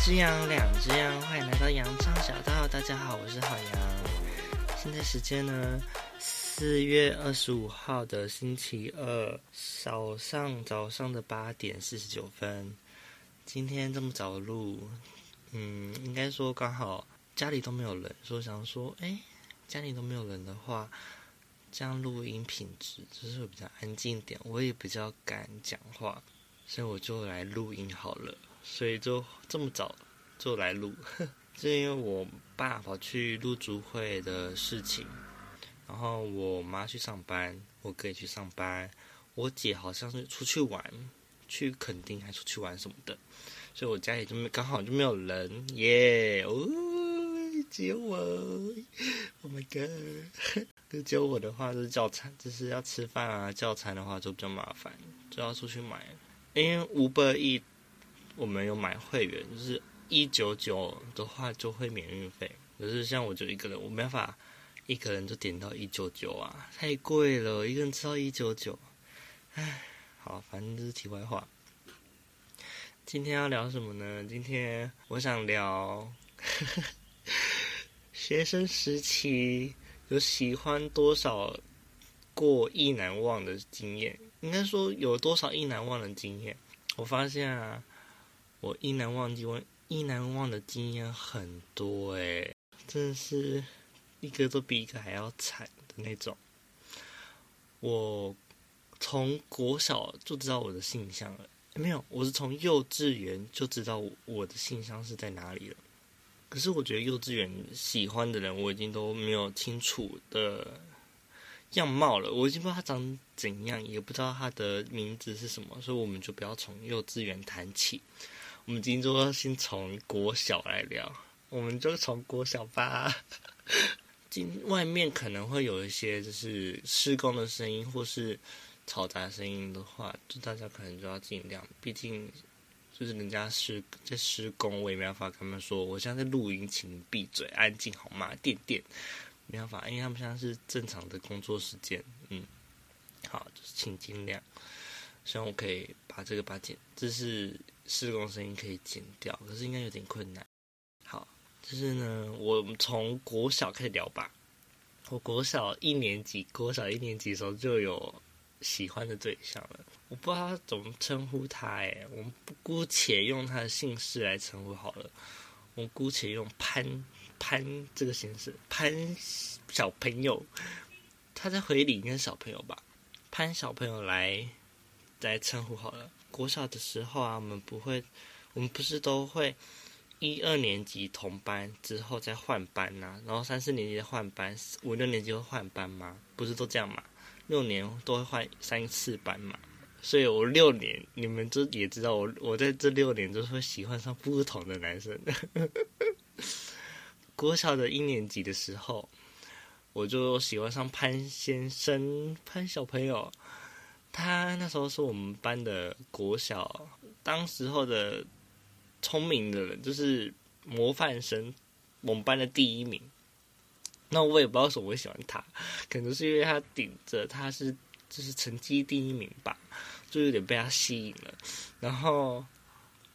一隻羊，兩隻羊，歡迎來到羊唱小道。大家好，我是好羊。現在時間呢？四月二十五號的星期二早上早上的八點四十九分。今天這麼早錄，嗯，應該說剛好家裡都沒有人，所以我想說，哎、欸，家裡都沒有人的話，這樣錄音品質就是會比較安靜一點，我也比較敢講話，所以我就來錄音好了。所以就這麼早就來錄，就因為我爸爸去錄竹會的事情，然後我媽去上班，我哥也去上班，我姐好像是出去玩，去墾丁還出去玩什麼的，所以我家裡就沒，剛好就沒有人耶。Yeah, 哦，救我！Oh my god！如果救我的話就是叫餐，就是要吃飯啊，叫餐的話就比較麻煩，就要出去買，因為五百一。我們有買會員，就是一九九的話就會免運費。可是像我就一個人，我沒辦法一個人就點到一九九啊，太貴了。一個人吃到一九九，唉，好，反正就是題外話。今天要聊什麼呢？今天我想聊呵呵學生時期有喜歡多少過異男忘的經驗？應該說有多少異男忘的經驗？我發現啊。我異男忘記，我異男忘的經驗很多哎，真的是一個都比一個還要慘的那種。我從國小就知道我的性向了，沒有，我是從幼稚園就知道我的性向是在哪裡了。可是我覺得幼稚園喜歡的人我已經都沒有清楚的樣貌了，我已經不知道他長怎樣，也不知道他的名字是什麼，所以我們就不要從幼稚園談起。我們今天就先從國小來聊，我們就從國小吧。今外面可能會有一些就是施工的聲音或是嘈雜聲音的話，就大家可能就要盡量，畢竟就是人家是在施工，我也沒辦法跟他們說，我現在在錄音，請你閉嘴，安靜好嗎？點點，沒辦法，因為他們現在是正常的工作時間。嗯，好，就是請盡量。希望我可以把這個把剪，這是施工聲音可以剪掉，可是應該有點困難。好，就是呢，我們從國小開始聊吧。我國小一年級，國小一年級的時候就有喜歡的對象了。我不知道他怎麼稱呼他、欸，誒，我們姑且用他的姓氏來稱呼好了。我姑且用潘潘這個姓氏，潘小朋友，他在回禮跟小朋友吧，潘小朋友來。再稱呼好了。國小的時候啊，我們不會，我們不是都會一二年級同班之後再換班吶、啊，然後三四年級換班，五六年級會換班嗎？不是都這樣嘛？六年都會換三次班嘛？所以我六年你們就也知道我，我在這六年都是會喜歡上不同的男生。 國小的一年級的時候，我就喜歡上潘先生潘小朋友。他那時候是我們班的國小當時候的聰明的人，就是模範生，我們班的第一名。那我也不知道為什麼會喜歡他，可能是因為他頂着他是就是成績第一名吧，就有點被他吸引了。然後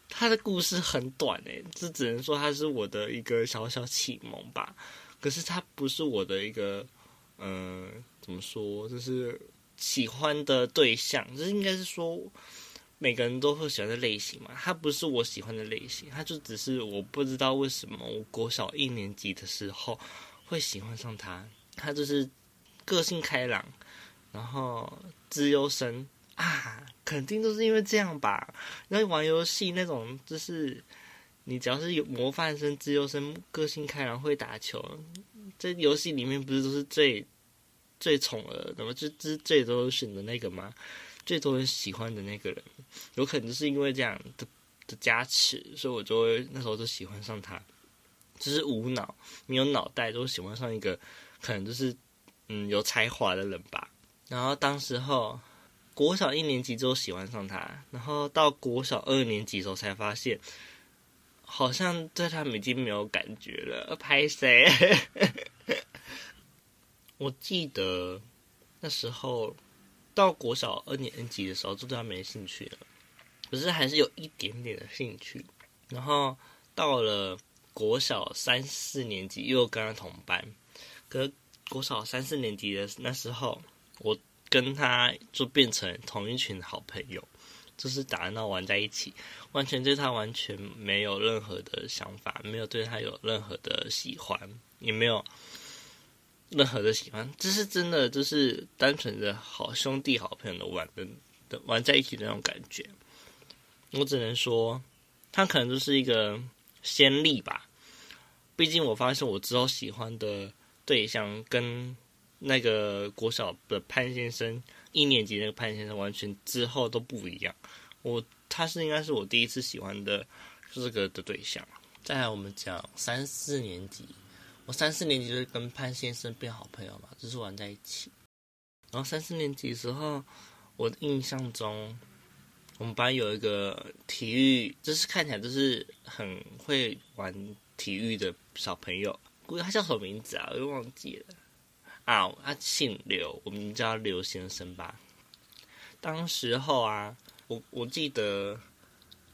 他的故事很短誒，這只能說他是我的一個小小啟蒙吧。可是他不是我的一個，嗯、呃，怎麼說就是。喜歡的對象，就是應該是說，每個人都會喜歡的類型嘛。他不是我喜歡的類型，他就只是我不知道為什麼，我國小一年級的時候會喜歡上他。他就是個性開朗，然後資優生啊，肯定都是因為這樣吧。那玩遊戲那種，就是你只要是有模範生、資優生、個性開朗、會打球，這遊戲裡面不是都是最最寵的，怎麼這這、就是、最多選的那個嗎？最多人喜歡的那個人，有可能就是因為這樣的的加持，所以我就會那時候就喜歡上他，就是無腦，沒有腦袋，都喜歡上一個可能就是嗯有才華的人吧。然後當時候國小一年級之後喜歡上他，然後到國小二年級的時候才發現，好像對他們已經沒有感覺了，拍誰？ 我記得那時候到國小二年級的時候就對他沒興趣了，可是還是有一點點的興趣。然後到了國小三四年級又跟他同班，可是國小三四年級的那時候，我跟他就變成同一群好朋友，就是打鬧玩在一起，完全對他完全沒有任何的想法，沒有對他有任何的喜歡，也沒有。任何的喜歡，這是真的，就是單純的好兄弟、好朋友的玩的的玩在一起的那種感覺。我只能說，他可能就是一個先例吧。畢竟我發現我之後喜歡的對象跟那個國小的潘先生一年級那個潘先生完全之後都不一樣。我他是應該是我第一次喜歡的、就是、這個的對象。再來，我們講三四年級。我三四年級就是跟潘先生變好朋友嘛，就是玩在一起。然後三四年級的時候，我的印象中，我們班有一個體育，就是看起來就是很會玩體育的小朋友，估計他叫什麼名字啊？我又忘記了。啊，他姓劉，我們叫劉先生吧。當時候啊，我我記得，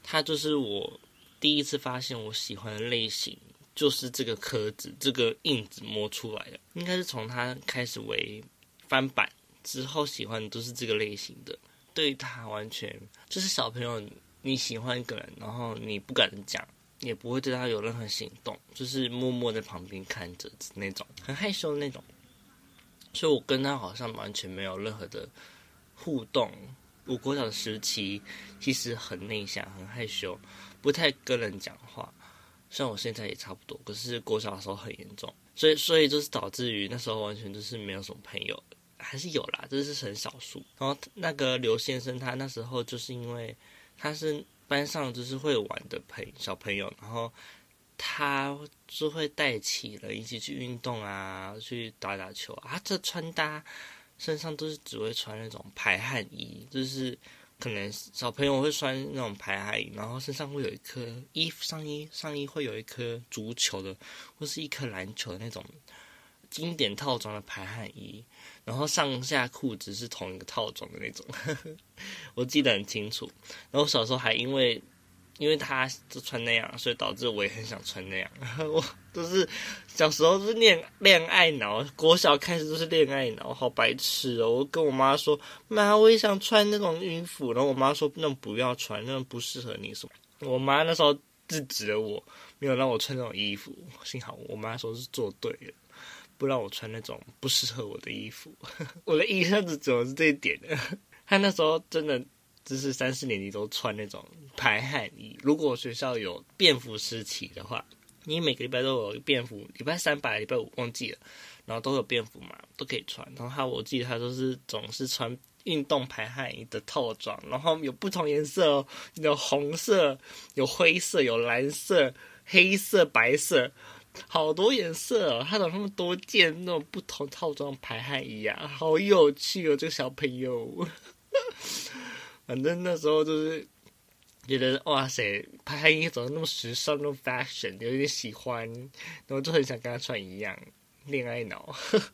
他就是我第一次發現我喜歡的類型。就是這個殼子，這個印子，摸出來的，應該是從他開始為翻版之後，喜歡的都是這個類型的。對他完全就是小朋友，你喜歡一個人，然後你不敢講，也不會對他有任何行動，就是默默在旁邊看着那種，很害羞的那種。所以我跟他好像完全沒有任何的互動。我國小時期其實很內向，很害羞，不太跟人講話。像我現在也差不多，可是國小的時候很嚴重，所以所以就是導致於那時候完全就是沒有什麼朋友，還是有啦，只、就是很少數。然後那個劉先生他那時候就是因為他是班上就是會玩的朋小朋友，然後他就會帶起了一起去運動啊，去打打球啊，他這穿搭身上都是只會穿那種排汗衣，就是。可能小朋友會穿那種排汗衣，然後身上會有一顆衣服上衣上衣會有一顆足球的，或是一顆籃球的那種經典套裝的排汗衣，然後上下褲子是同一個套裝的那種，呵呵，我記得很清楚。然後小時候還因為。因為他就穿那樣，所以導致我也很想穿那樣。 我就是小時候是戀戀愛腦，國小開始都是戀愛腦，好白痴哦！我跟我媽說，媽，我也想穿那種衣服，然後我媽說那種不要穿，那種不適合你什麼。我媽那時候制止了我，沒有讓我穿那種衣服。幸好我媽說是做對了，不讓我穿那種不適合我的衣服。 我的衣裳只只能是這一點。她 那時候真的。就是三四年級都穿那種排汗衣。如果學校有便服升旗的話，你每個禮拜都有便服，禮拜三吧，禮拜五忘記了，然後都有便服嘛，都可以穿。然後他，我記得他都、就是總是穿運動排汗衣的套裝，然後有不同顏色、哦，你有紅色、有灰色、有藍色、黑色、白色，好多顏色、哦。他怎麼那麼多件那種不同套裝排汗衣啊，好有趣哦，這個小朋友。 反正那時候就是覺得哇塞，拍他衣服總是那麼時尚，那麼 fashion，有點喜歡，然後就很想跟他穿一樣。戀愛腦，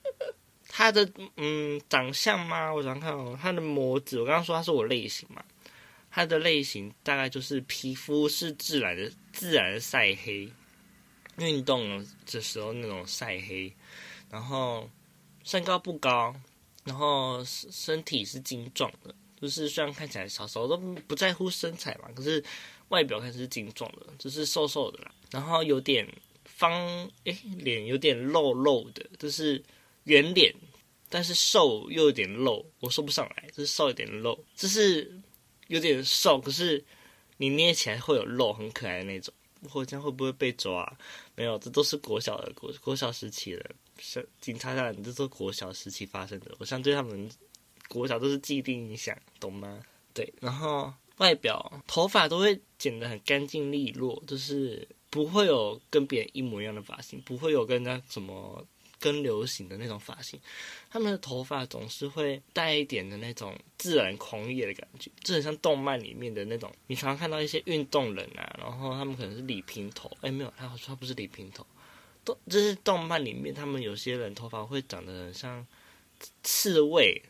他的嗯長相嗎？我想看哦，他的模子。我剛剛說他是我類型嘛？他的類型大概就是皮膚是自然的，自然曬黑，運動的時候那種曬黑，然後身高不高，然後身體是精壯的。就是雖然看起來小時候都不在乎身材嘛，可是外表看是精壯的，就是瘦瘦的啦，然後有點方，哎、欸，臉有點露露的，就是圓臉，但是瘦又有點肉，我說不上來，就是瘦有點肉，就是有點瘦，可是你捏起來會有肉，很可愛的那種。我這樣會不會被抓、啊？沒有，這都是國小的國國小時期的警察長，這都國小時期發生的，我相對他們。國小都是既定印象，懂嗎？對，然後外表頭髮都會剪得很乾淨利落，就是不會有跟別人一模一樣的髮型，不會有跟人家什麼更流行的那種髮型。他們的頭髮總是會帶一點的那種自然狂野的感覺，就很像動漫裡面的那種。你常常看到一些運動人啊，然後他們可能是理平頭，哎，沒有，他說他不是理平頭，動就是動漫裡面他們有些人頭髮會長得很像刺蝟。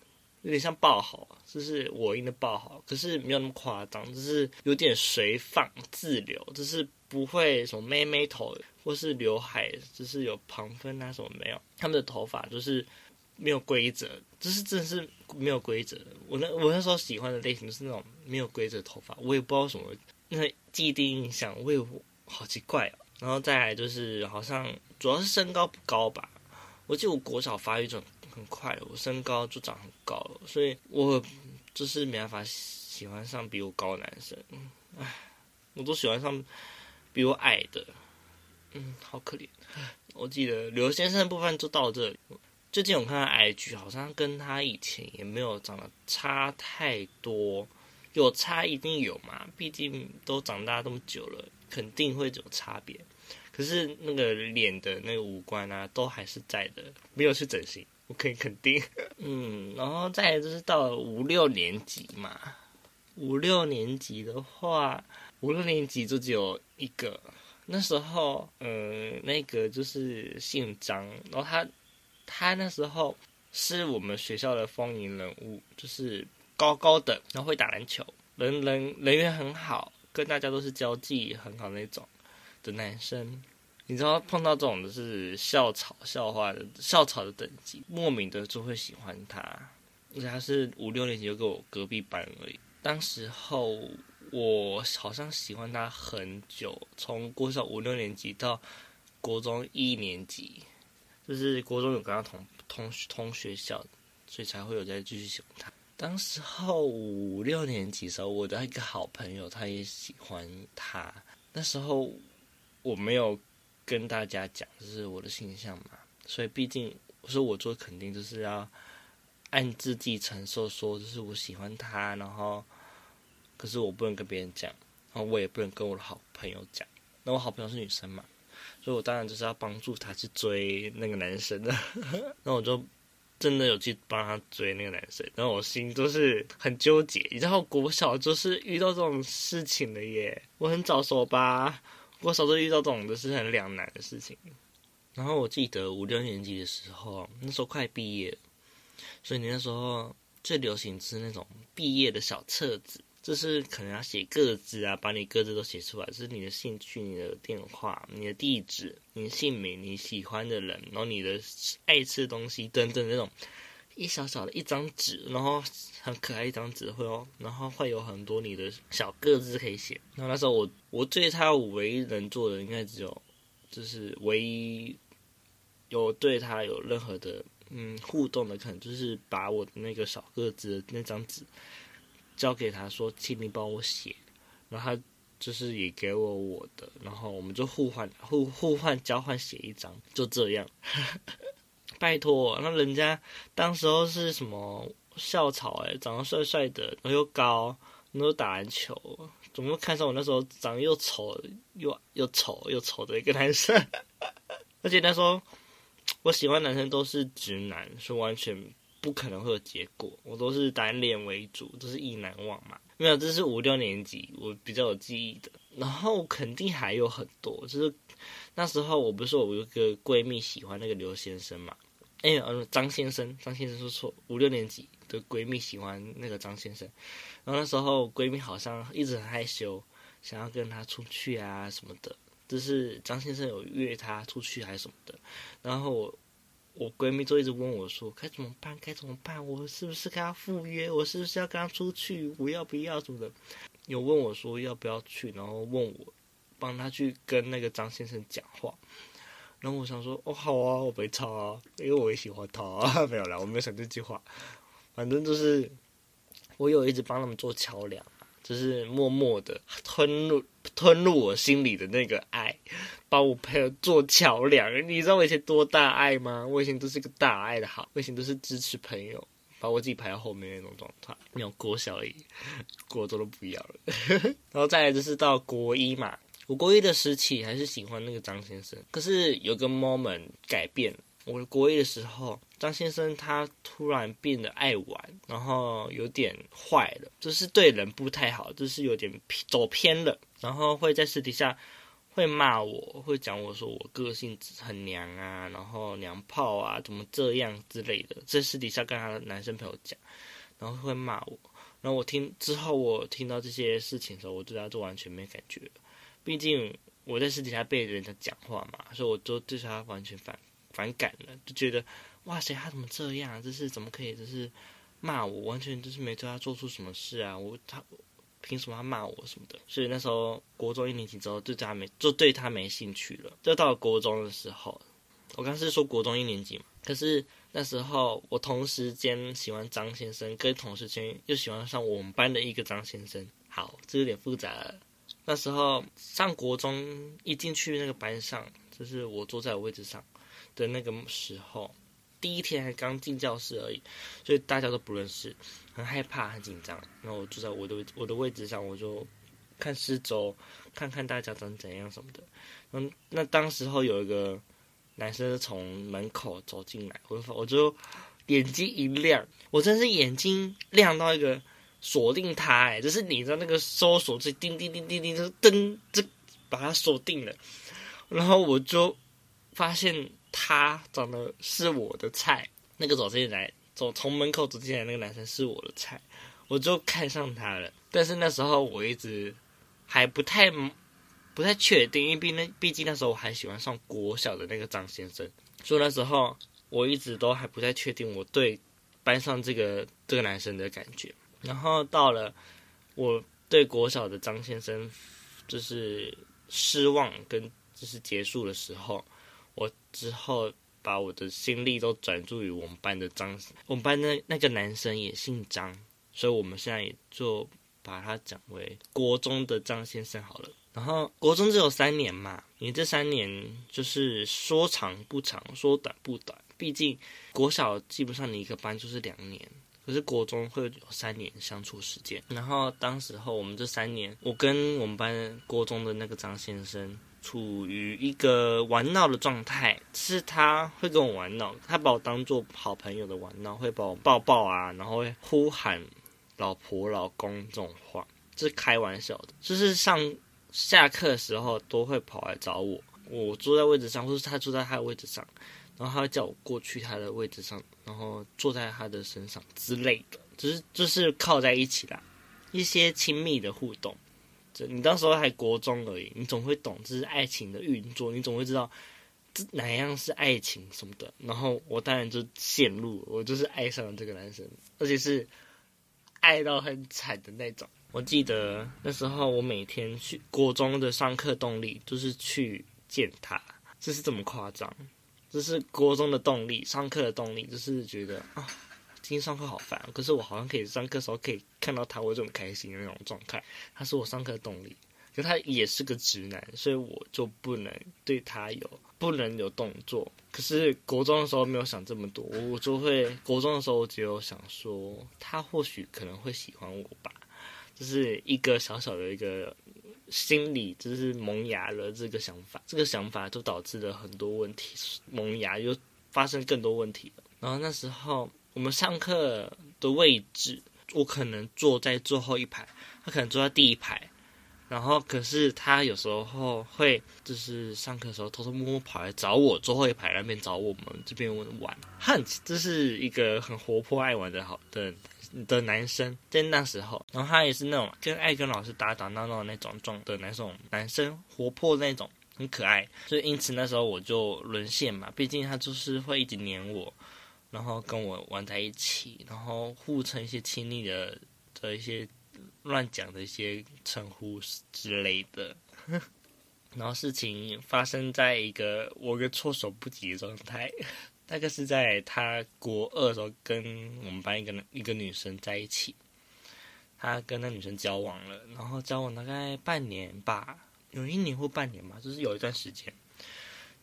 有點像爆豪，就是我印的爆豪，可是沒有那麼誇張，就是有點隨放自流，就是不會什麼妹妹頭或是劉海，就是有旁分啊什麼沒有，他們的頭髮就是沒有規則，就是真的是沒有規則。我那我那時候喜歡的類型是那種沒有規則頭髮，我也不知道什麼那個，既定印象，我也好奇怪哦。然後再來就是好像主要是身高不高吧，我記得我國小我發育種很快，我身高就長很高了，所以我就是沒辦法喜歡上比我高的男生。唉，我都喜歡上比我矮的，嗯，好可憐。我記得劉先生的部分就到這裡。最近我看 IG 好像跟他以前也沒有長得差太多，有差一定有嘛，畢竟都長大這麼久了，肯定會有差別。可是那個臉的那個五官啊，都還是在的，沒有去整形。我可以肯定。 嗯，然後再來就是到了五六年級嘛，五六年級的話，五六年級就只有一個。那時候，嗯、呃、那個就是姓張，然後他，他那時候是我們學校的風雲人物，就是高高的，然後會打籃球，人人人緣很好，跟大家都是交際很好那種的男生。你知道碰到這種的是校草，校花的校草的等級，莫名的就會喜歡他，而且他是五六年級就跟我隔壁班而已。當時候我好像喜歡他很久，從國小五六年級到國中一年級，就是國中有跟他同同學同學校，所以才會有再繼續喜歡他。當時候五六年級的時候，我的一個好朋友他也喜歡他，那時候我沒有。跟大家講，就是我的形象嘛，所以畢竟，我說我做肯定就是要按自己承受，說就是我喜歡他，然後可是我不能跟別人講，然後我也不能跟我的好朋友講，那我好朋友是女生嘛，所以我當然就是要幫助她去追那個男生的， 那我就真的有去幫她追那個男生，然後我心都是很糾結，你知道，我國小就是遇到這種事情了耶，我很早熟吧。我小時候遇到這種的是很兩難的事情。然後我記得五六年級的時候，那時候快畢業，所以你那時候最流行是那種畢業的小冊子，就是可能要寫個資啊，把你個資都寫出來，就是你的興趣、你的電話、你的地址、你的姓名、你喜歡的人，然後你的愛吃的東西等等那種。一小小的一張紙，然後很可愛一張紙，會哦，然後會有很多你的小格子可以寫。然後那時候我，我對他唯一能做的，應該只有就是唯一有對他有任何的嗯互動的，可能就是把我的那個小格子的那張紙交給他說，請你幫我寫。然後他就是也給我我的，然後我們就互換互互換交換寫一張，就這樣。 拜託，那人家當時候是什麼校草哎、欸，長得帥帥的，然後又高，然後又打籃球，怎麼會看上我那時候長得又醜又又醜又醜的一個男生？ 而且那時候我喜歡男生都是直男，說，完全不可能會有結果，我都是單戀為主，都、就是異男忘嘛。沒有，這是五六年級我比較有記憶的，然後肯定還有很多，就是那時候我不是我有一個閨蜜喜歡那個劉先生嘛。欸呃，張先生，張先生說錯，五六年級的閨蜜喜歡那個張先生，然後那時候閨蜜好像一直很害羞，想要跟他出去啊什麼的，就是張先生有約她出去還是什麼的，然後我我閨蜜就一直問我說該怎麼辦，該怎麼辦，我是不是跟他赴約，我是不是要跟他出去，我要不要什麼的，有問我說要不要去，然後問我幫她去跟那個張先生講話。然後我想說，哦，好啊，我不會唱啊，因為我也喜歡他啊，沒有啦，我沒有想這句話。反正就是，我有一直幫他們做橋樑，就是默默的吞入吞入我心裡的那個愛，把我朋友做橋樑。你知道我以前多大愛嗎？我以前都是一個大愛的好，我以前都是支持朋友，把我自己排到後面那種狀態。那種國小而已，國中都，都不一樣了。 然後再來就是到國一嘛。我國一的時期還是喜歡那個張先生，可是有一個 moment 改變了。我國一的時候，張先生他突然變得愛玩，然後有點壞了，就是對人不太好，就是有點偏走偏了。然後會在私底下會罵我，會講我說我個性很娘啊，然後娘炮啊，怎麼這樣之類的，在私底下跟他的男生朋友講，然後會罵我。然後我聽之後，我聽到這些事情的時候，我對他就完全沒感覺了。畢竟我在私底下被人家講話嘛，所以我都對他完全反反感了，就覺得哇塞，他怎麼這樣？這是怎麼可以？這是罵我，完全就是沒對他做出什麼事啊，我他憑什麼要罵我什麼的？所以那時候國中一年級之後，就對他，就對他沒，就對他沒興趣了。就到了國中的時候，我剛是說國中一年級嘛，可是那時候我同時間喜歡張先生，跟同時間又喜歡上我們班的一個張先生。好，這個有點複雜了。那時候上國中，一進去那個班上，就是我坐在我位置上的那個時候，第一天還剛進教室而已，所以大家都不認識，很害怕，很緊張。然後我坐在我的位置我的位置上，我就看四周，看看大家長怎樣什麼的。嗯，那當時候有一個男生從門口走進來，我就我就眼睛一亮，我真是眼睛亮到一個。鎖定他，哎，就是你知道那個搜索，這叮叮叮叮叮、叮、叮、叮叮叮叮叮，就噔，就把他鎖定了。然後我就發現他長得是我的菜，那個走進來，走從門口走進來那個男生是我的菜，我就看上他了。但是那時候我一直還不太不太確定，因為畢那畢竟那時候我還喜歡上國小的那個張先生，所以那時候我一直都還不太確定我對班上這個這個男生的感覺。然後到了我對國小的張先生，就是失望跟就是結束的時候，我之後把我的心力都轉注於我們班的張，我們班那那個男生也姓張，所以我們現在也就把他講為國中的張先生好了。然後國中只有三年嘛，你這三年就是說長不長，說短不短，畢竟國小基本上你一個班就是兩年。可是國中會有三年相處時間，然後當時候我們這三年，我跟我們班國中的那個張先生處於一個玩鬧的狀態，是他會跟我玩鬧，他把我當做好朋友的玩鬧，會把我抱抱啊，然後會呼喊老婆、老公這種話，這是開玩笑的，就是上下課的時候都會跑來找我，我坐在位置上，或是他坐在他的位置上，然後他會叫我過去他的位置上。然後坐在他的身上之類的，就是就是靠在一起啦，一些親密的互動。就你到時候還國中而已，你總會懂這是愛情的運作，你總會知道這哪樣是愛情什麼的。然後我當然就陷入，我就是愛上了這個男生，而且是愛到很慘的那種。我記得那時候我每天去國中的上課動力就是去見他，就是這麼誇張。這是國中的動力，上課的動力就是覺得啊、哦，今天上課好煩，可是我好像可以上課的時候可以看到他，我就很開心的那種狀態。他是我上課的動力，可他也是個直男，所以我就不能對他有，不能有動作。可是國中的時候沒有想這麼多，我就會，國中的時候我只有想說，他或許可能會喜歡我吧，就是一個小小的一個，心裡就是萌芽了這個想法，這個想法就導致了很多問題，萌芽又發生更多問題了。然後那時候我們上課的位置，我可能坐在最後一排，他可能坐在第一排，然後可是他有時候會就是上課的時候偷偷摸摸跑來找我最後一排那邊找我們這邊玩，哼，這是一個很活潑愛玩的好，對。的男生在那時候，然後他也是那種跟愛跟老師打打鬧鬧的那種狀的，那種男生活潑的那種，很可愛。所以因此那時候我就淪陷嘛，畢竟他就是會一直黏我，然後跟我玩在一起，然後互稱一些親昵的的一些亂講的一些稱呼之類的。 然後事情發生在一個我一個措手不及的狀態。大概是在他國二的時候，跟我們班一個一個女生在一起，他跟那女生交往了，然後交往大概半年吧，有一年或半年嘛，就是有一段時間。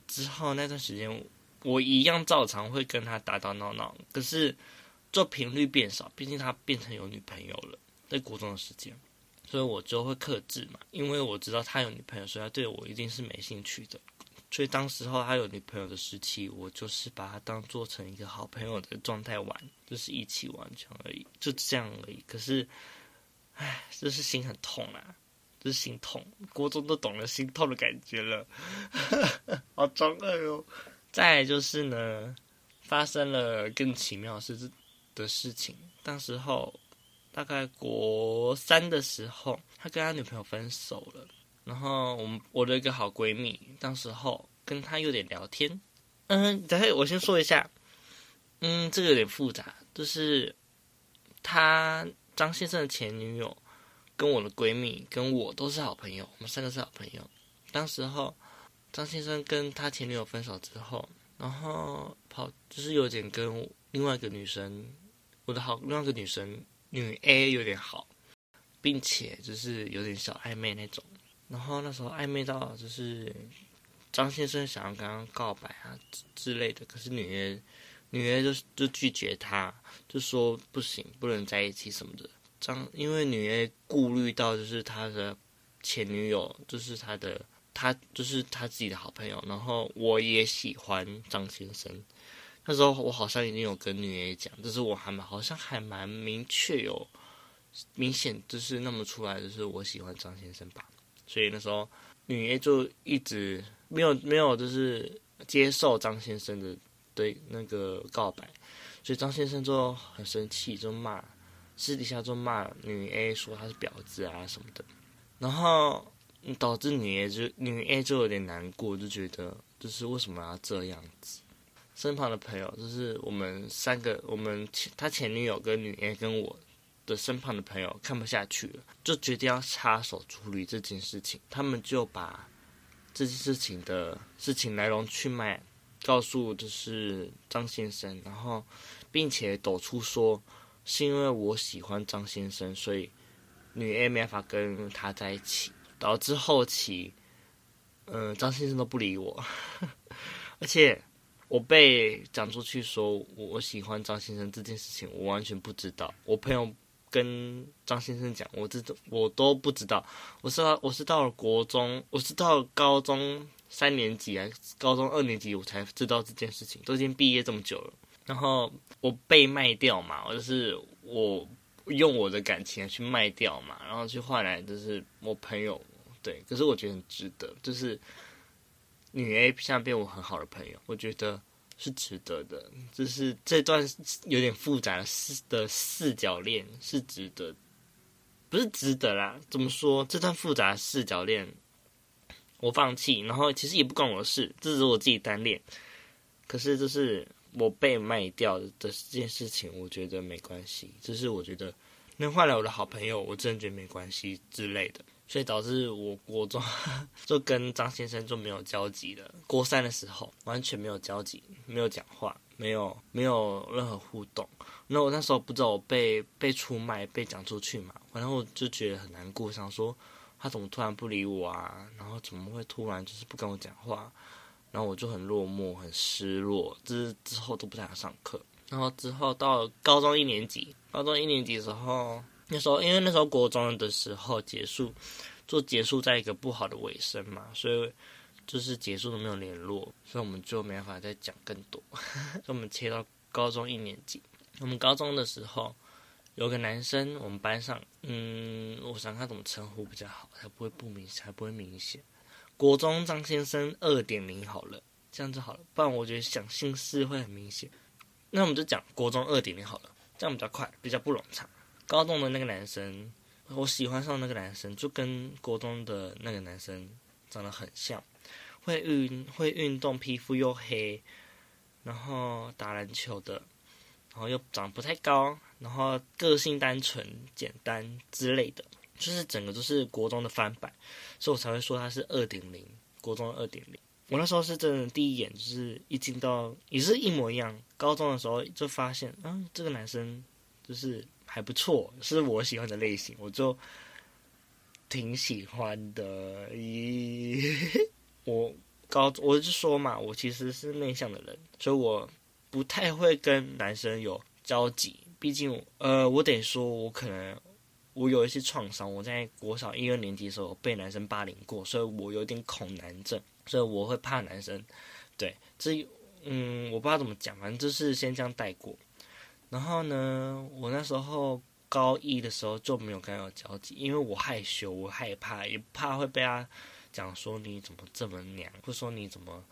之後那段時間我，我一樣照常會跟他打打鬧鬧，可是就頻率變少，畢竟他變成有女朋友了，在國中的時間，所以我就會克制嘛，因為我知道他有女朋友，所以他對我一定是沒興趣的。所以當時候他有女朋友的時期，我就是把他當做成一個好朋友的狀態玩，就是一起玩這樣而已，就這樣而已。可是，唉，就是心很痛啊，就是心痛。國中都懂了心痛的感覺了，呵呵好中二喲！再來就是呢，發生了更奇妙的事的事情。當時候大概國三的時候，他跟他女朋友分手了。然後我，我們我的一個好閨蜜，當時候跟她有點聊天。嗯，等下我先說一下。嗯，這個有點複雜，就是她張先生的前女友跟我的閨蜜跟我都是好朋友，我們三個是好朋友。當時候張先生跟他前女友分手之後，然後跑就是有點跟另外一個女生，我的好另外一個女生女 A 有點好，並且就是有點小曖昧那種。然後那時候曖昧到就是張先生想要跟她告白啊之之類的，可是女 A 女 A 就就拒絕他，就說不行，不能在一起什麼的。張因為女 A 顧慮到就是他的前女友，就是他的他就是他自己的好朋友。然後我也喜歡張先生，那時候我好像已經有跟女 A 講，就是我還蠻好像還蠻明確有明顯就是那麼出來，就是我喜歡張先生吧。所以那時候，女 A 就一直沒有沒有就是接受張先生的對那個告白，所以張先生就很生氣，就罵，私底下就罵女 A 說她是婊子啊什麼的，然後導致女 A 就女 A 就有點難過，就覺得就是為什麼要這樣子？身旁的朋友就是我們三個，我們前他前女友跟女 A 跟我。的身旁的朋友看不下去了，就決定要插手處理這件事情。他們就把這件事情的事情來龍去脈告訴就是張先生，然後並且抖出說是因為我喜歡張先生，所以女 A 沒法跟他在一起，導致後期嗯、呃、張先生都不理我， 而且我被講出去說我喜歡張先生這件事情，我完全不知道。我朋友。跟張先生講，我這都我都不知道。我是到我是到了國中，我是到了高中三年級啊，還是高中二年級我才知道這件事情。都已經畢業這麼久了，然後我被賣掉嘛，我就是我用我的感情去賣掉嘛，然後去換來就是我朋友，對，可是我覺得很值得。就是女 A 現在變我很好的朋友，我覺得。是值得的，就是這段有點複雜的四的四角戀是值得，不是值得啦。怎麼說，這段複雜的四角戀我放棄，然後其實也不關我的事，這是我自己單戀。可是這是我被賣掉的這件事情，我覺得沒關係。這、就是我覺得能換來我的好朋友，我真的覺得沒關係之類的。所以導致我國中 就跟張先生就沒有交集了。國三的時候完全沒有交集，沒有講話，沒有沒有任何互動。那我那時候不知道我被被出賣，被講出去嘛，然後我就覺得很難過，想說他怎麼突然不理我啊？然後怎麼會突然就是不跟我講話？然後我就很落寞，很失落。之之後都不想上課。然後之後到了高中一年級，高中一年級的時候。那時候，因為那時候國中的時候結束，就結束在一個不好的尾聲嘛，所以就是結束都沒有聯絡，所以我們就沒辦法再講更多。 所以我們切到高中一年級。我們高中的時候有個男生，我們班上，嗯，我想看怎麼稱呼比較好，還不會不明，還不會明顯。國中張先生二點零好了，這樣就好了，不然我覺得想姓氏會很明顯。那我們就講國中二點零好了，這樣比較快，比較不冗長。高中的那個男生，我喜歡上那個男生，就跟國中的那個男生長得很像，會運會運動，皮膚又黑，然後打籃球的，然後又長不太高，然後個性單純簡單之類的，就是整個都是國中的翻版，所以我才會說他是二點零，國中的二點零。我那時候是真的第一眼就是一進到也是一模一樣，高中的時候就發現，嗯，這個男生就是。還不錯，是我喜歡的類型，我就挺喜歡的。 我高，我就說嘛，我其實是內向的人，所以我不太會跟男生有交集。畢竟，呃，我得說，我可能我有一些創傷。我在國小一二年級的時候被男生霸凌過，所以我有點恐男症，所以我會怕男生。對，這，嗯，我不知道怎麼講，反正就是先這樣帶過。然後呢，我那時候高一的時候就沒有跟他有交集，因為我害羞，我害怕，也怕會被他講說你怎麼這麼娘，或說你怎麼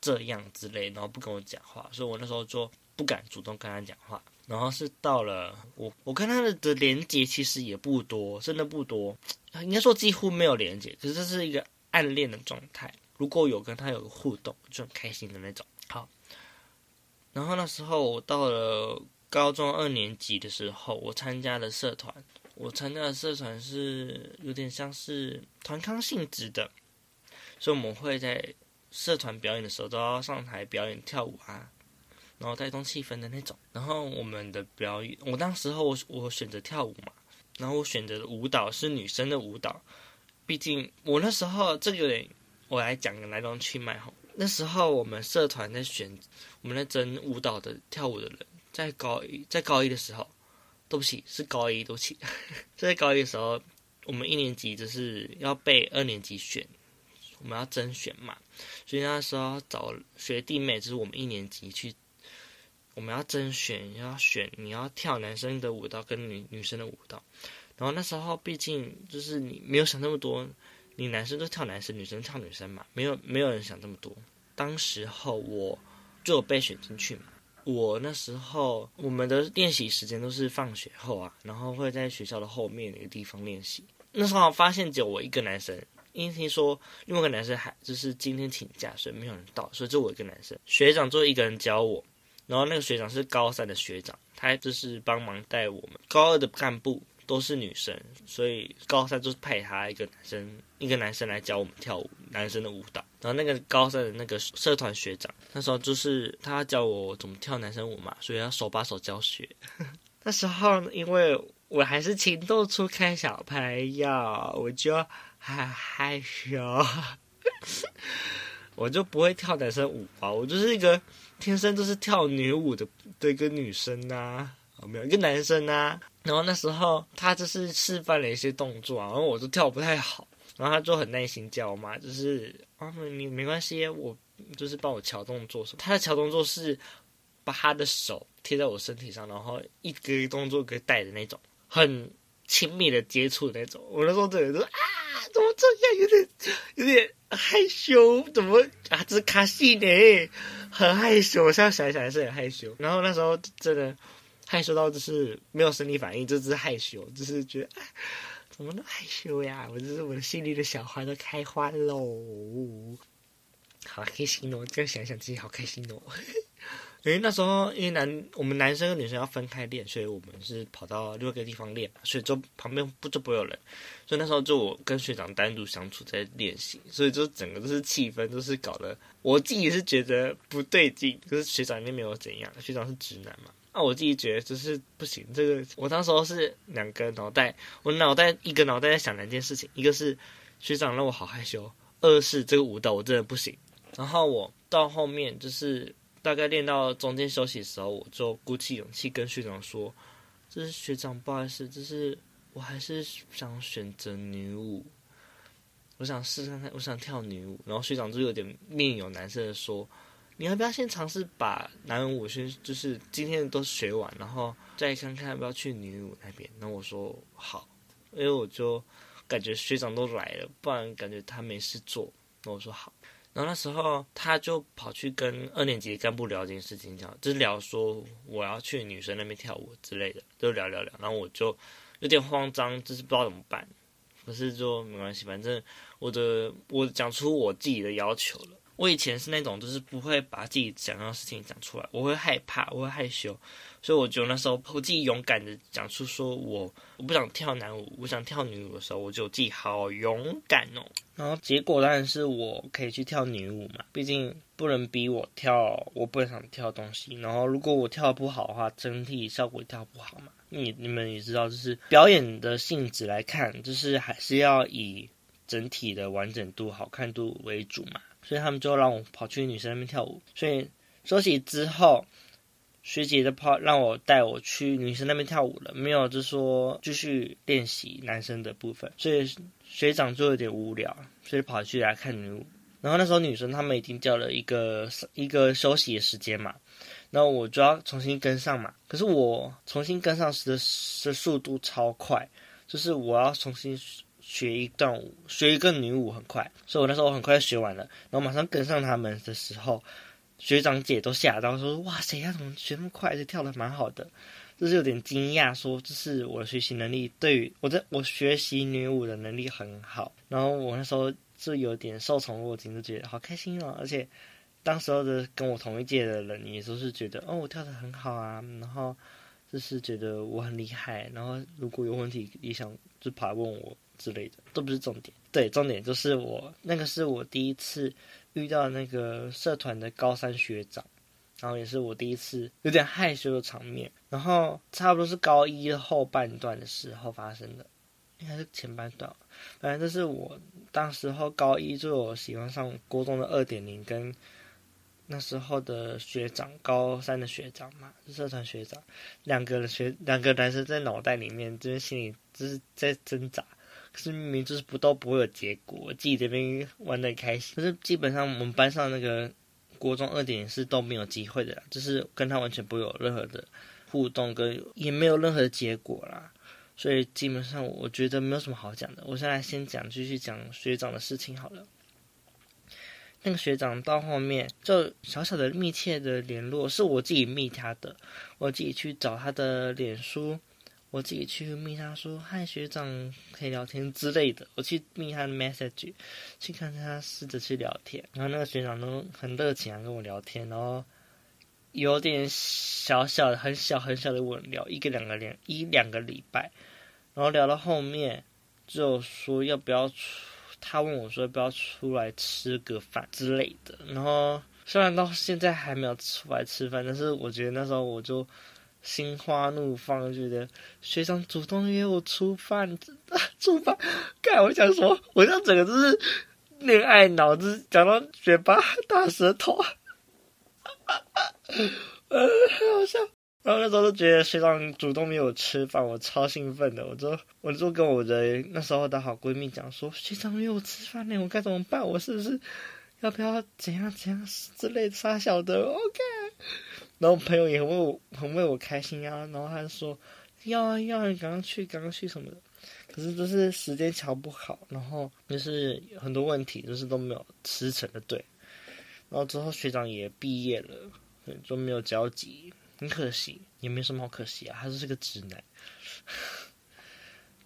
這樣之類，然後不跟我講話，所以我那時候就不敢主動跟他講話。然後是到了我，我跟他的的連接其實也不多，真的不多，應該說幾乎沒有連接。可是這是一個暗戀的狀態。如果有跟他有互動，就很開心的那種。好，然後那時候我到了，高中二年級的時候，我參加了社團。我參加的社團是有點像是團康性質的，所以我們會在社團表演的時候都要上台表演跳舞啊，然後帶動氣氛的那種。然後我們的表演，我當時候我我選擇跳舞嘛，然後我選擇的舞蹈是女生的舞蹈，畢竟我那時候這個有點我來講個來龍去脈哈。那時候我們社團在選，我們在爭舞蹈的跳舞的人。在高一，在高一的時候，對不起，是高一，對不起。 在高一的時候，我們一年級就是要被二年級選，我們要甄選嘛。所以那時候找學弟妹，就是我們一年級去，我們要甄選，要選，你要跳男生的舞蹈跟女女生的舞蹈。然後那時候畢竟就是你沒有想那麼多，你男生就跳男生，女生跳女生嘛，沒有沒有人想這麼多。當時候我就有被選進去嘛。我那時候，我們的練習時間都是放學後啊，然後會在學校的後面有個地方練習。那時候發現只有我一個男生，因為聽說另外一個男生還就是今天請假，所以沒有人到，所以就我一個男生。學長就一個人教我，然後那個學長是高三的學長，他就是幫忙帶我們高二的幹部。都是女生，所以高三就是派他一個男生，一個男生來教我們跳舞，男生的舞蹈。然後那個高三的那個社團學長，那時候就是他教我怎麼跳男生舞嘛，所以要手把手教學。 那時候呢，因為我還是情竇初開小朋友，我就很害羞， 我就不會跳男生舞啊，我就是一個天生都是跳女舞的對，跟個女生吶、啊，我沒有一個男生吶、啊。然後那時候他就是示範了一些動作，然後我就跳不太好，然後他就很耐心教我嘛，就是啊，你沒關係，我就是幫我喬動作什麼。他的喬動作是把他的手貼在我身體上，然後一個，一個動作給帶的那種，很親密的接觸的那種。我那時候真的說啊，怎麼這樣，有點有點害羞，怎麼啊？這是卡戲呢，很害羞。我現在想想還是很害羞。然後那時候真的。害羞到就是沒有生理反應，就是害羞，就是覺得怎麼那麼害羞呀！我就是我的心裡的小花都開花嘍。好開心哦！再想想自己，好開心哦！哎， 那時候因為男我們男生跟女生要分開練，所以我們是跑到六個地方練，所以就旁邊不就不會有人，所以那時候就我跟學長單獨相處在練習，所以就整個都是氣氛都是搞得我自己也是覺得不對勁，可是學長那邊沒有怎樣，學長是直男嘛。那、啊、我自己覺得就是不行，這個我當時是兩個腦袋，我腦袋一個腦袋在想兩件事情，一個是學長讓我好害羞，二是這個舞蹈我真的不行。然後我到後面就是大概練到中間休息的時候，我就鼓起勇氣跟學長說：“就是學長，不好意思，就是我還是想選擇女舞，我想試試看看，我想跳女舞。”然後學長就有點面有難色的說。你要不要先嘗試把男舞先，就是今天都學完，然後再看看要不要去女舞那邊？然後我說好，因為我就感覺學長都來了，不然感覺他沒事做。那我說好，然後那時候他就跑去跟二年級幹部聊這件事情，講就是聊說我要去女生那邊跳舞之類的，就聊聊聊。然後我就有點慌張，就是不知道怎麼辦。可是就沒關係，反正我的我講出我自己的要求了。我以前是那種，就是不會把自己想要的事情講出來，我會害怕，我會害羞，所以我覺得那時候我自己勇敢的講出說我我不想跳男舞，我想跳女舞的時候，我就自己好勇敢哦。然後結果當然是我可以去跳女舞嘛，畢竟不能逼我跳我不想跳的東西。然後如果我跳不好的話，整體效果也跳不好嘛。你你們也知道，就是表演的性質來看，就是還是要以整體的完整度、好看度為主嘛。所以他們就讓我跑去女生那邊跳舞。所以休息之後，學姐就跑讓我帶我去女生那邊跳舞了。沒有，就是說繼續練習男生的部分。所以學長就有點無聊，所以跑去來看女舞。然後那時候女生他們已經掉了一個一個休息的時間嘛，然後我就要重新跟上嘛。可是我重新跟上時的，時的速度超快，就是我要重新。學一段舞，學一個女舞很快，所以我那時候我很快就學完了，然後馬上跟上他們的時候，學長姐都嚇到我說：“哇塞，誰呀，怎麼學那麼快？就跳的蠻好的。”就是有點驚訝說，說這是我的學習能力。對於我在我學習女舞的能力很好，然後我那時候就有點受寵若驚，就覺得好開心哦，而且當時候的跟我同一屆的人也都是覺得：“哦，我跳的很好啊！”然後就是覺得我很厲害，然後如果有問題也想就跑來問我。之類的都不是重點，對，重點就是我那個是我第一次遇到那個社團的高三學長，然後也是我第一次有點害羞的場面，然後差不多是高一後半段的時候發生的，應該是前半段。反正這是我當時候高一就有喜歡上郭中的二點零，跟那時候的學長，高三的學長嘛，社團學長，兩個學兩個男生在腦袋裡面，就是心裡就是在掙扎。可是明明就是不都不會有結果，我自己這邊玩得開心。可是基本上我們班上那個國中二點零是都沒有機會的，就是跟他完全不會有任何的互動，跟也沒有任何的結果啦。所以基本上我覺得沒有什麼好講的。我現在先講，繼續講學長的事情好了。那個學長到後面就小小的、密切的聯絡，是我自己密他的，我自己去找他的臉書。我自己去密他說，說嗨學長可以聊天之類的。我去密他的 message，去看，看他試着去聊天。然後那個學長都很熱情啊，跟我聊天，然後有點小小的、很小很小的我聊，一個兩個兩一兩個禮拜。然後聊到後面，就說要不要出？他問我說要不要出來吃個飯之類的。然後雖然到現在還沒有出來吃飯，但是我覺得那時候我就。心花怒放，覺得學長主動約我吃飯，真、啊、的，吃飯，看，我想說，我想整個就是戀愛腦子講到嘴巴大舌頭，呃、啊，很、啊啊啊、好笑。然後那時候都覺得學長主動約我吃飯，我超興奮的。我就，我就跟我的那時候的好閨蜜講說，學長約我吃飯呢，我該怎麼辦？我是不是要不要怎樣怎樣之類的傻小的？OK。然後朋友也很為我很為我開心啊，然後他就說要啊要，啊，剛剛去剛剛去什麼的，可是就是時間調不好，然後就是很多問題就是都沒有吃成的對。然後之後學長也畢業了，就沒有交集，很可惜，也沒什麼好可惜啊。他就是個直男。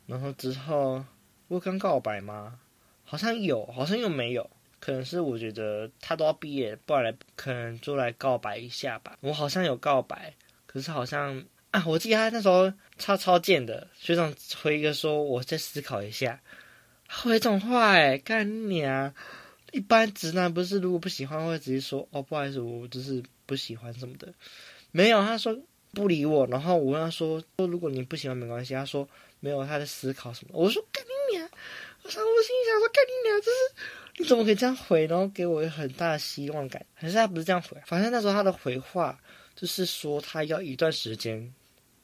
然後之後我剛告白嗎？好像有，好像又沒有。可能是我覺得他都要畢業，不然來可能就來告白一下吧。我好像有告白，可是好像啊，我記得他那時候超超賤的。學長回一個說：“我再思考一下。啊”回這種話、欸，哎，幹你娘！一般直男不是如果不喜歡會直接說：“哦，不好意思，我就是不喜歡什麼的。”沒有，他說不理我。然後我問他說：“說如果你不喜歡沒關係。”他說：“沒有，他在思考什麼。”我說：“幹你娘！”我想，我心裡想說：“幹你娘、啊，這是。”你怎麼可以這樣回呢？然後給我有很大的希望感，可是他不是這樣回啊。反正那時候他的回話就是說他要一段時間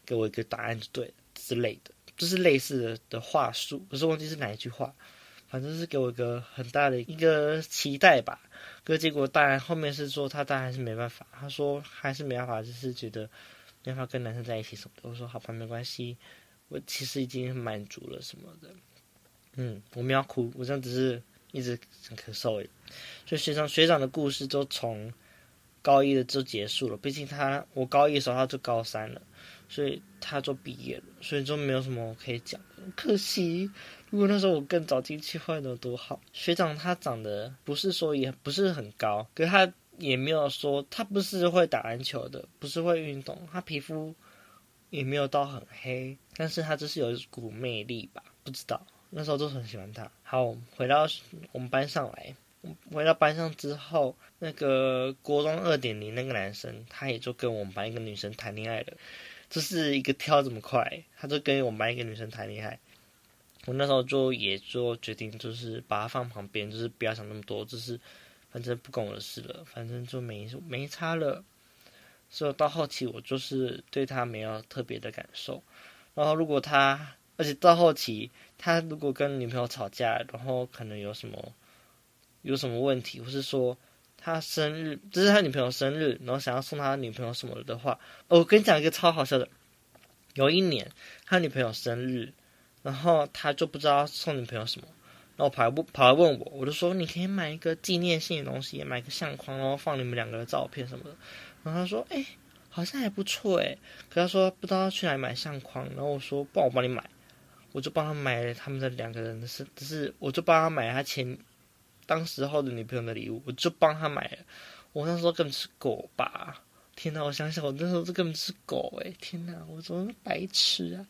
給我一個答案，就對了之類的，就是類似的的話術。不是忘記是哪一句話，反正是給我一個很大的一個期待吧。可結果當然後面是說他當然還是沒辦法，他說還是沒辦法，就是覺得沒辦法跟男生在一起什麼的。我說好吧，沒關係，我其實已經滿足了什麼的。嗯，我沒有要哭，我這樣只是。一直咳嗽，所以學長學長的故事就從高一的就結束了。畢竟他我高一的時候他就高三了，所以他就畢業了，所以就沒有什麼可以講的。可惜，如果那時候我更早進去，會有多好。學長他長得不是說，也不是很高，可是他也沒有說他不是會打籃球的，不是會運動。他皮膚也沒有到很黑，但是他就是有一股魅力吧，不知道那時候都很喜歡他。好，回到我們班上來。回到班上之後，那個國中二點零那個男生，他也就跟我們班一個女生談戀愛了。這、就是一個跳這麼快，他就跟我們班一個女生談戀愛。我那時候就也就決定，就是把他放旁邊，就是不要想那麼多，就是反正不關我的事了，反正就沒沒差了。所以到後期，我就是對他沒有特別的感受。然後如果他，而且到後期。他如果跟女朋友吵架，然後可能有什麼有什麼問題，或是說他生日，這、就是他女朋友生日，然後想要送他女朋友什麼的話，哦、我跟你講一個超好笑的。有一年他女朋友生日，然後他就不知道送女朋友什麼，然後跑來跑來問我，我就說你可以買一個紀念性的東西，買個相框，然後放你們兩個的照片什麼的。然後他說：“哎，好像還不錯哎。”可他說不知道去哪裡買相框，然後我說：“不然我幫你買。”我就幫他買了他們的兩個人的事，只是我就幫他買了他前當時候的女朋友的禮物，我就幫他買了。我那時候根本是狗吧？天哪！我想想，我那時候這根本是狗欸！天哪！我怎麼是白痴啊？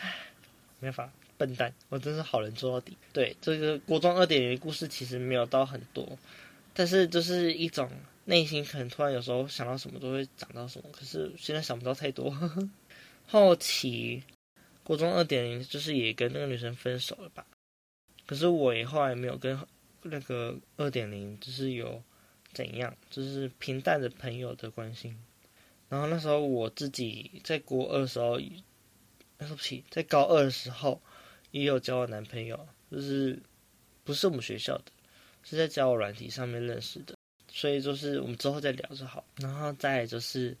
唉，沒法，笨蛋！我真是好人做到底。對，這個國中二點零故事其實沒有到很多，但是就是一種內心可能突然有時候想到什麼都會想到什麼，可是現在想不到太多，好奇。後期高中二點零就是也跟那個女生分手了吧？可是我也後來沒有跟那個二點零，就是有怎樣，就是平淡的朋友的關係。然後那時候我自己在國二的時候，對不起，在高二的時候也有交過男朋友，就是不是我們學校的，是在交友軟體上面認識的。所以就是我們之後再聊就好。然後再就是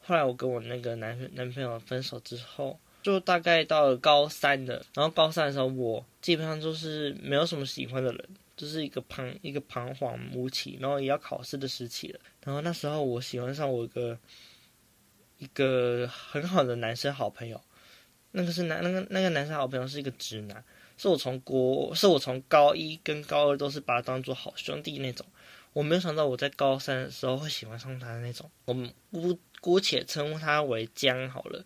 後來我跟我那個男男朋友分手之後。就大概到了高三了，然後高三的時候，我基本上就是沒有什麼喜歡的人，就是一個旁一個彷徨無期，然後也要考試的時期了。然後那時候，我喜歡上我一個一個很好的男生好朋友，那個是男那個那個男生好朋友是一個直男，是我從國是我從高一跟高二都是把他當做好兄弟那種，我沒有想到我在高三的時候會喜歡上他的那種，我們姑姑且稱呼他為江好了。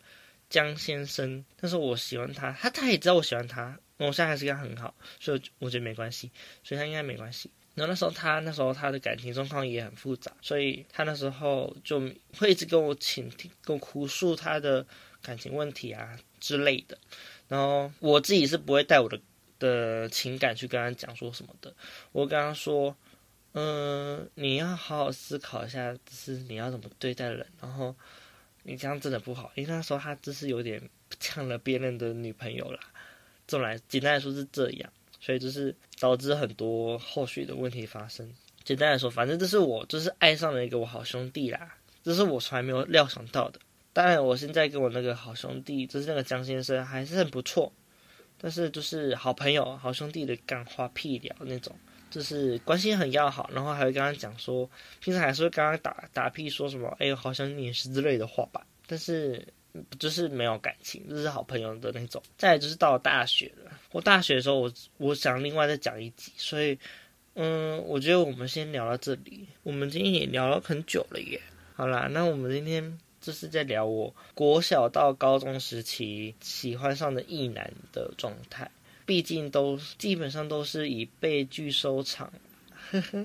江先生，那時候我喜歡他，他他也知道我喜歡他，那我現在還是跟他很好，所以我覺得沒關係，所以他應該沒關係。然後那時候他那時候他的感情狀況也很複雜，所以他那時候就會一直跟我請跟我哭訴他的感情問題啊之類的。然後我自己是不會帶我的的情感去跟他講說什麼的，我跟他說：“嗯、呃，你要好好思考一下，就是你要怎麼對待人。”然後。你這樣真的不好，因為那時候他就是有點搶了別人的女朋友啦，這種來簡單來說是這樣，所以就是導致很多後續的問題發生。簡單來說，反正這是我就是愛上了一個我好兄弟啦，這是我從來沒有料想到的。當然，我現在跟我那個好兄弟，就是那個江先生，還是很不錯，但是就是好朋友，好兄弟的幹話屁聊那種。就是關係很要好，然後還會跟他講說，平常還是會跟他打打屁說什麼，哎呦好想你之類的話吧，但是就是沒有感情，就是好朋友的那種。再就是到了大學了，我大學的時候我，我我想另外再講一集，所以嗯，我覺得我們先聊到這裡。我們今天也聊了很久了耶，好啦，那我們今天就是在聊我國小到高中時期喜歡上的異男的狀態。畢竟都基本上都是以悲劇收場，呵呵，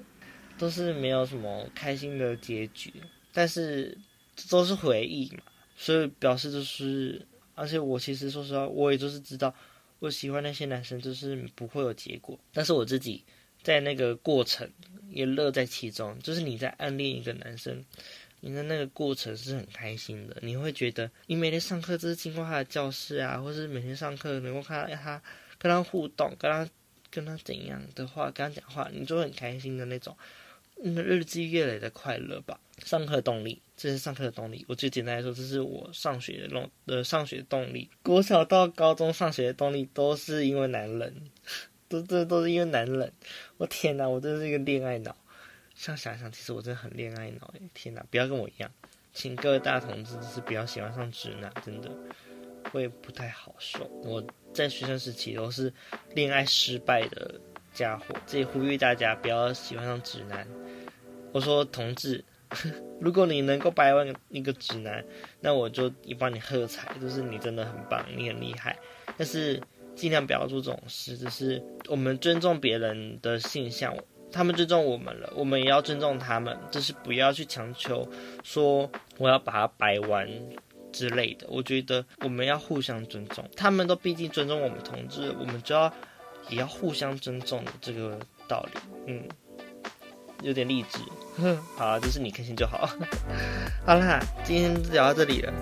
都是沒有什麼開心的結局。但是這都是回憶嘛，所以表示就是，而且我其實說實話，我也就是知道我喜歡那些男生就是不會有結果。但是我自己在那個過程也樂在其中，就是你在暗戀一個男生，你的那個過程是很開心的。你會覺得你每天上課就是經過他的教室啊，或是每天上課能夠看到他。他跟他互動，跟他，跟他怎樣的話，跟他講話，你就會很開心的那種，日積月累的快樂吧。上課動力，這是上課的動力。我最簡單來說，這是我上學的動，呃，上學動力。國小到高中上學的動力都是因為男人，都，這都是因為男人。我天哪，我真是一個戀愛腦。現在想想，其實我真的很戀愛腦、欸、天哪，不要跟我一樣，請各位大同志，就是比較喜歡上直男，真的。會不太好受。我在學生時期都是戀愛失敗的傢伙，這也呼籲大家不要喜歡上直男。我說，同志，呵呵如果你能夠掰彎一個直男，那我就也幫你喝彩，就是你真的很棒，你很厲害。但是盡量不要做這種事，就是我們尊重別人的性向，他們尊重我們了，我們也要尊重他們，就是不要去強求，說我要把它掰彎。之類的，我覺得我們要互相尊重，他們都畢竟尊重我們同志，我們就要也要互相尊重這個道理，嗯，有點勵志，哼，好，就是你開心就好呵呵。好啦，今天聊到這裡了，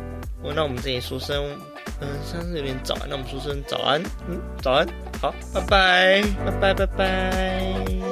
那我們這裡說聲，嗯，現在有點早，那我們說聲早安，嗯，早安，好，拜拜，拜拜，拜拜。